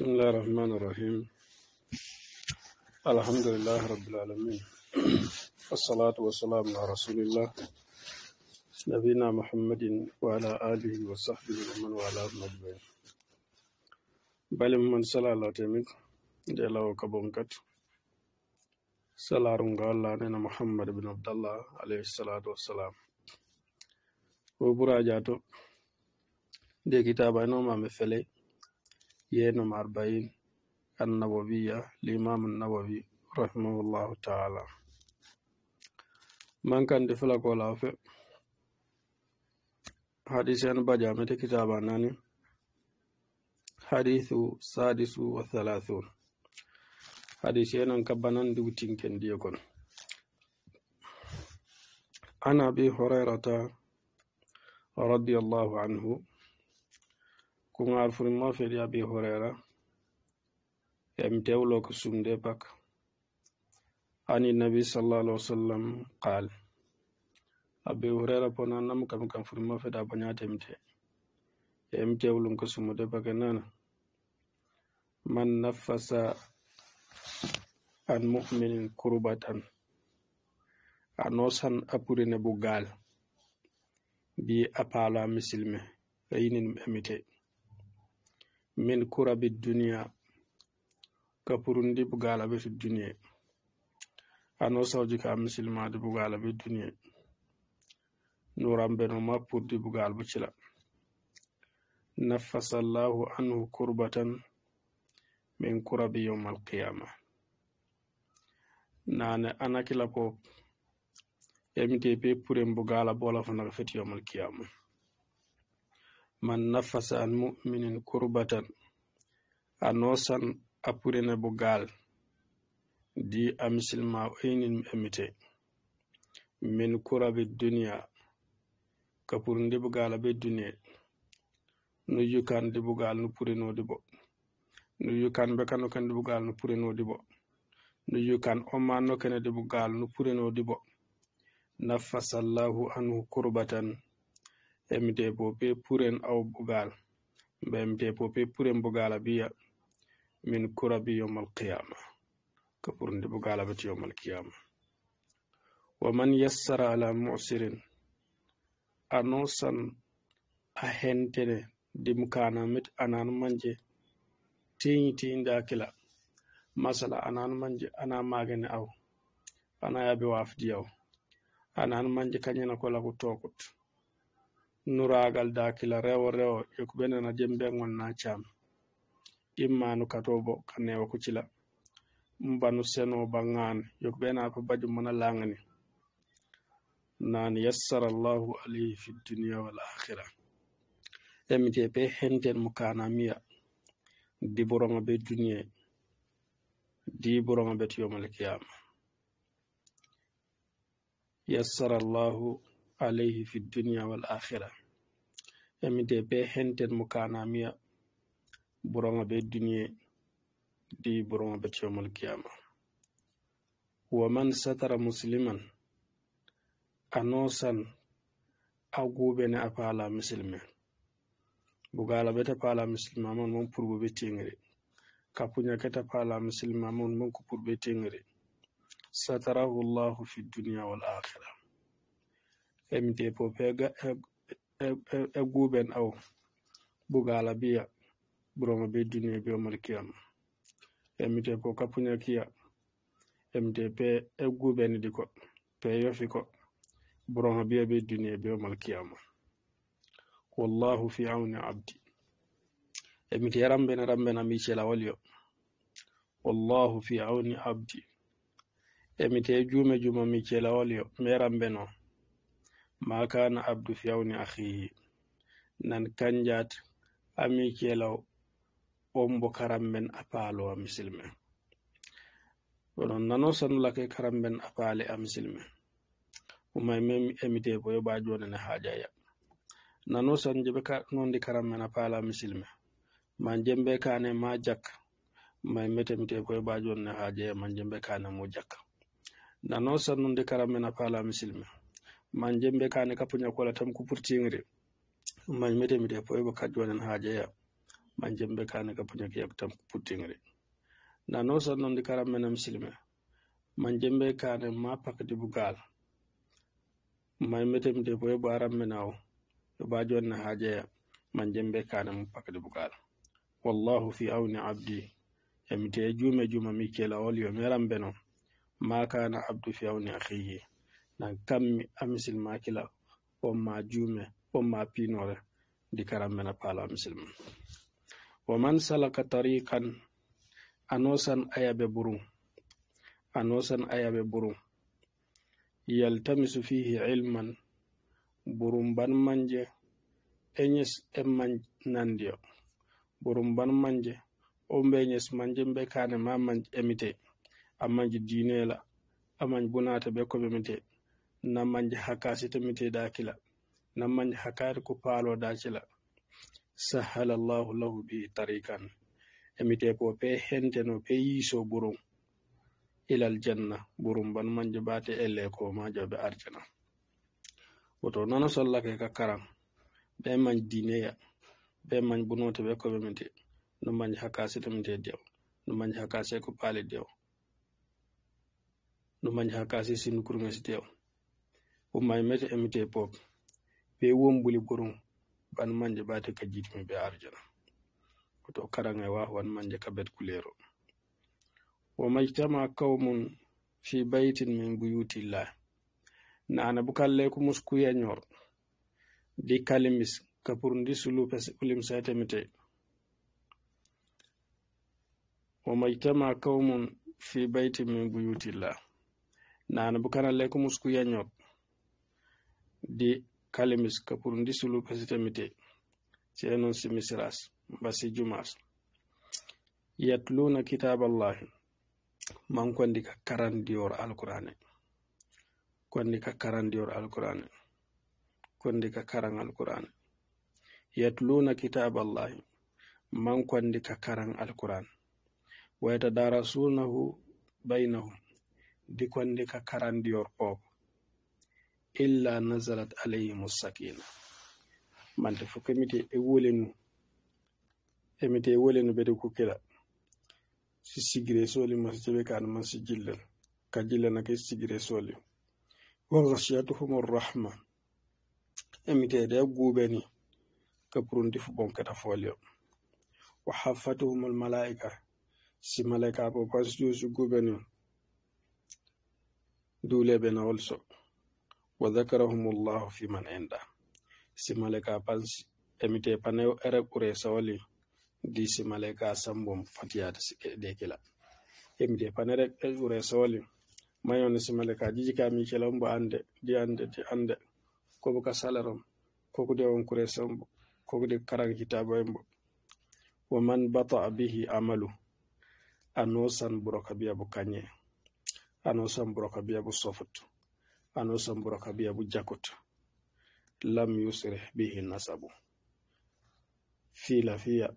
بسم الله الرحمن الرحيم الحمد لله رب العالمين والصلاة والسلام على رسول الله نبينا محمد وعلى آله وصحبه ومن والاه أجمعين بل من صلى الله تيمك جل وكبونكت صلى الله عليه محمد بن عبد الله عليه الصلاة والسلام وبراجاته دي كتابة أنا ما مفلي yenam arobaini Annawawiya limamu Nawawi rahimahullahu taala mankandi fula kola fe hadisi an bajamete kitaba nani hadithu sadisu wa thalathun hadisi enan kabbanan diwtinkendiye kon an abi hurairata radiallahu anhu kugar furin mafeli abi horera emi tewlo ko sumde bak ani nabi sallah alah wa sallam qal abi horera pona nam kam kam furin mafeli a bañatemite emi tewlum ko sumude bak e nana man nafasa an muminin kurbatan a nosan apurine bu gal bi apala misilme eyininum emite min kurabi duniya kapurundi bugalabe to duniya ano sawji ka misilmadi bugalabe duniya nuram beno mappurdi bugalbo cila nafasa llahu anhu kurbatan min kurabi yowm alqiyama nane anakilapo emite be purem bugala bolafo naga feti yowm alqiyama man nafasa an muminin kurbatan a nosan a purene bo gaal di a misilma oynin emite min kura be duniya ka purindi bo gaala be duniya no yukandi bo gaal no purinodi bo no yukan be kano kandi bo gaal no purinodi bo no yukan oma no kenedi bo gaal no purinodi bo nafasa allahu anhu kurbatan emdebo be puren awbugal mba emdebo be puren bugala biya min kurabi yomal qiyama ko ɓurde bugala bati yomal qiyama waman yassara ala musirin a nosan a hentene dimkanamit ananumanje tiñi tiñida kila masala ananumanje ana magani aw ana yaɓe wafdiyaw ananumanje kañina kolako tokut nuraagal daakila rewo rewo e ko ɓenana dembe gonnacaam immanu kato bo kannewa kucila mbanu seno baŋŋaane yo ko ɓena fo baju mana laŋani naan yassara allahu alayhi fi duniya wal akhira emite ɓe henden mo kanamiya diboroŋa ɓe duniya diboroŋa ɓe to yomal kiyama yassara allahu alayhi fi duniya wal akhira emi de be henden mo kanamiya buronga be duniye di buronga be ciomal kiyama wa man satara musliman anosan agube ne apala muslime bugala bete pala muslima mon mon pour be tengere kapunya keta pala muslima mon mon ko pour be tengere satarahu llahu fi duniya wal akhira emiteepo peega e, e, e, e guuɓen aw bugaala biya buroma be duniya be omalkiyam emiteepo kapuña kiya mtp e guuɓenidi ko pe yofi ko buroma biya be duniya be omalkiyama wallahu fi awni abdi emite rambene rambena micelawol yo wallahu fi awni abdi emite juume juma micelawol yo me rambenoo ma kana abdu fiyawni ahihi nan kanjat ami kelaw ombo karamben apalo a misilme onon nano sanulake karamben apale a misilme umay men emite bo yoɓa jonene hajaya nano san jeɓe nondi karamben apale a misilme ma jembe kane ma jak may metemite bo yoɓa jonene hajaya ma jembe kane mo jak nano sanundi karamben apale a misilme man jembe kane kapuñakola tam ko purtiŋre man metemide poyeɓo kadi wonen ha jeeya man jembe kane kapuñakyak tam ko purtiŋre na no san noon de karam mene musilme man jembe kane ma pakdi bugal man metemide poyeɓo aram menawo yo baji wonne ha jeeya man jembe kane ma pakdi bugal wallahu fi awni abdi emite jume juma mikelawol yo meram beno ma kana abdu fi awni akhiyi nan kammi amisil makila onma jume onma pinore di karammena palo amisil ma waman salaka tarikan anosan ayabe burun anosan ayabe burun yaltamisu fihi ilman burumban manje eyes ema nandio burumban manje ombe yes manje be kane ma manje emite amanje dinela amanje bunata be koɓemite nammanje hakkaasi to miteeɗaa kila nammanje hakkaari ko paalooɗaa cila sahala llahu lahu bihi tarikan emitee ko pe henteno pe yiisoo burum ilal janna burum ban manje baate ellee ko maa jo ɓe arjana woto nana sollake ka karan ɓe man diineya ɓe man bunoote ɓe koɓe mite no manje hakkaasi to mitee dew no manje hakkaasi e ko paali dew no manje hakkaasi e sinukurmesi dew bo may mete emite pop be wombuli gurum ɓan manje ɓate ka jiitumi ɓe arjana koto karaga e wa wan manje ka bet kulero wo majtama kawmun fi baytin min buyutillah nana bukalle ku muskuyeñor di kalimis kapur ndi sulupes ulim setemite wo majtama kawmun fi baytin min buyutillah nana bukanalle ku muskuyeñor di kalemis ka pour ndi sulu pasitamite seenon si misiras mbasi jumas yatluna kitaballahi man kondi ka karandiyor alqur'ane kondi ka karandiyor alqur'ane kondi ka karan alqur'ane yatluna kitaballahi man kondi ka karan alqur'an wa yatadarasunahu bainahum di kondi ka karandiyor o illa nazalat alayhim sakina mante fo kemite e wolenu emite e wolenu ɓeɗe kukkila si sigire soli masi jaɓe kano ma si jillan ka jillana ke sigire soli wa gasiyatuhum arrahma emiteɗe de gubeni ka purundi fo bonkata folio wa haffatuhum malaika si malaika bo pansijusu guɓeni duleɓe nawol so wa zakarahum llahu fi man inda simaleka pans emite panayo ere ɓure sawali di simaleka sambom fatiyata dekila emite panere e ɓure sawali mayoni simaleka jiji ka mi kela mbo ande di ande di ande kobo ka salarom koko de on kure sambo koko de karan kitabo embo wa man bata'a bihi amalu anosan buroka biya bu kanye anosan buroka biya bu sofutu ano sambura kabiya bu lam yusrih bihi nasabu fi lafiya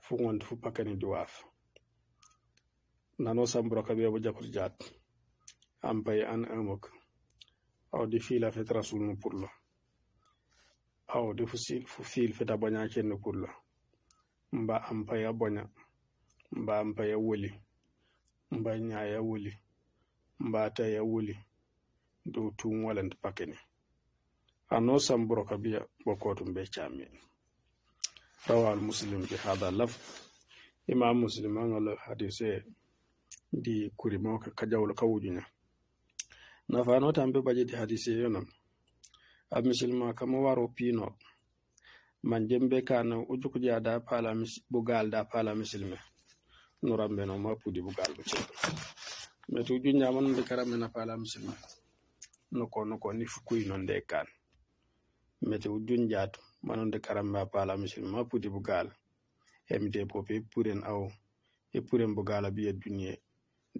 fu wonde fu pakani duwaf nano sambura kabiya bu jakot am an amok awdi fiila fet rasul no pullo awdi fu fiil feta boña kenno pullo mba am paya boña mba am paya mba ñaaya woli mba taya woli dow tum walanta pakene ano samburo kabiya bokotum be cami rawal muslim bi hada laf imam muslim angala hadise ndi kurimoka kajawlo kawujuña nafano tan be ɓaƴidi hadise yonon a misilma kamo waro pino man jembe kana ujukuja da pala bugal da pala misilme nurambe no ma pudi bugal ɓe ceɗo mais tujuñamanoɓe karame na pala misilme nokonoko noko ni fukuy non de mete ujun jatu manon de karamba pala misil ma puti bugal emite pope puren aw e puren bugala biya dunye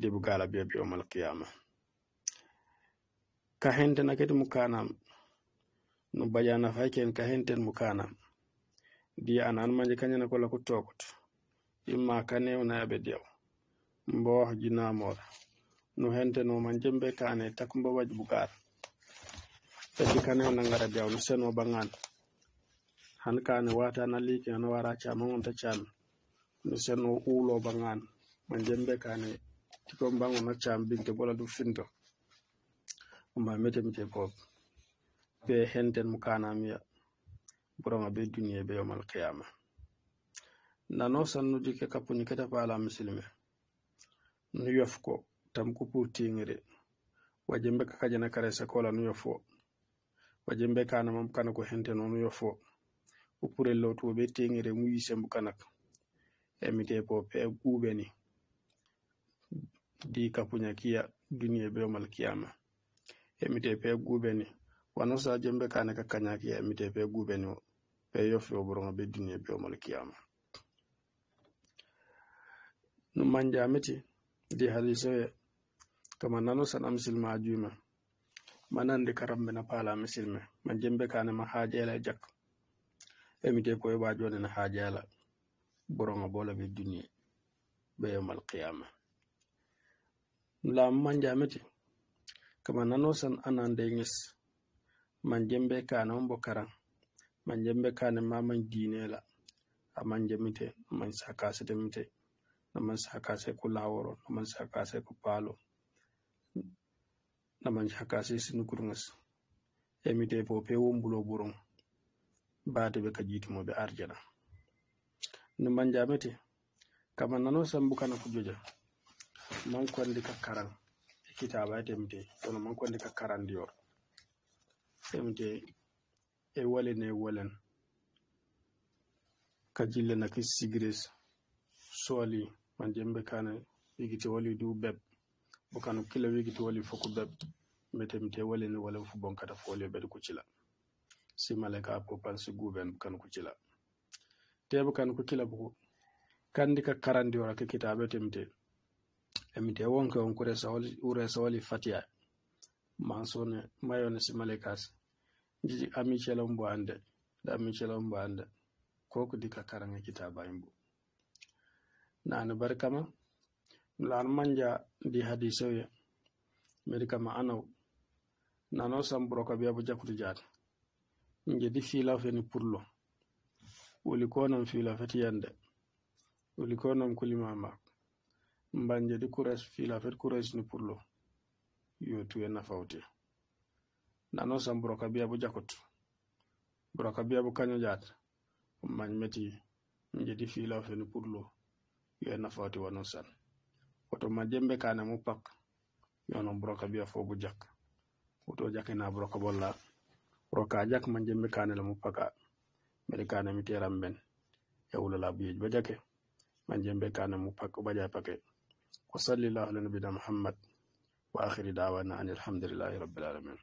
de bugala biya biya mal qiyama ka hente na ketu mukanam no bajana fayken ka henten mukanam diya anan manje kanyana kola ko tokut imma kanewna abe dew mbo jinamora no hente no man jembe kane takumba waj bukar tadi kane on ngara jaw no seno bangan han kane wata na liki no wara chama on ta chan no seno ulo bangan man jembe kane tiko mbango no cham binte bola du findo ma mete mete pop be henten mukana mi burama be duniya be yomal qiyama nano sanu ke kappuni kata pala muslimi nu yof ko tanku tiŋire wajembe kakajene kara sekola nuyo fo wajembe kana mam kana ko henteno nuyo fo upurel lowtuwo be teŋire muyi sembu kanak emite po pe ni di kapuña kiya duniya be mal kiyama emite pe kuɓeni wanosa jembe kane kakkaña kiya emite pe ni pe yofiwo boroŋo be duniya be mal kiyama no meti di hadise kama nano sana misilma juma manande karambe na pala misilme ma jembe kane ma hajela e jak emi de koy e ba jone na hajela boronga bola be dunye be yomal qiyama lam man jamati kama nano san anande ngis e man jembe kane on bokaran man jembe kane ma man dinela aman jemite man sakase demite na man sakase ko laworo na man sakase ko palo na manci hakase sinu kurŋas emite pope wombulo buron baate be kajitumo be arjana no manjamete kama nano sambu kana ko joja mankondi ka karan e kitabayte emite kono mankondi ka karandiyor emite e walene walen ka jille naki sigires sooli man jembe kana igite wali du beb hokano kila wigi to woli foko beb mete mi te wolini wala fu bonkata folio ɓeɗo kucila si malaika apo pansi guuɓen kan kucila teɓe kan kucila bo kandi ka karandi ora ke kitaɓe temte emi te e wonke on kuresa wali fatiya masone mayone si malaikas jiji amicelombo ande da amicelombo ande koko dika karanga kitaba imbo nane barkama laan manja di hadisewe medi ma anaw nano samburo ka biya bujakutu jaati nje di fiila feni purlo woli konon yande fetiyande woli konon kulimama mbanje di kures fiila fet kures ni purlo yo tuye nafawte nano samburo ka biya bujakutu buro ka kaño jaata mañ meti nje di fiila feni purlo yo nafawti wano san woto ma jembe kane mo pak yono broka biya fogu jak woto jak ina broka bolla broka jak ma jembe kane la mo paka mere kane mi teram ben e wula la biye ba jake ma jembe kane mo pak ba jay pake wa sallallahu ala nabiyina muhammad wa akhiri da'wana alhamdulillahi rabbil alamin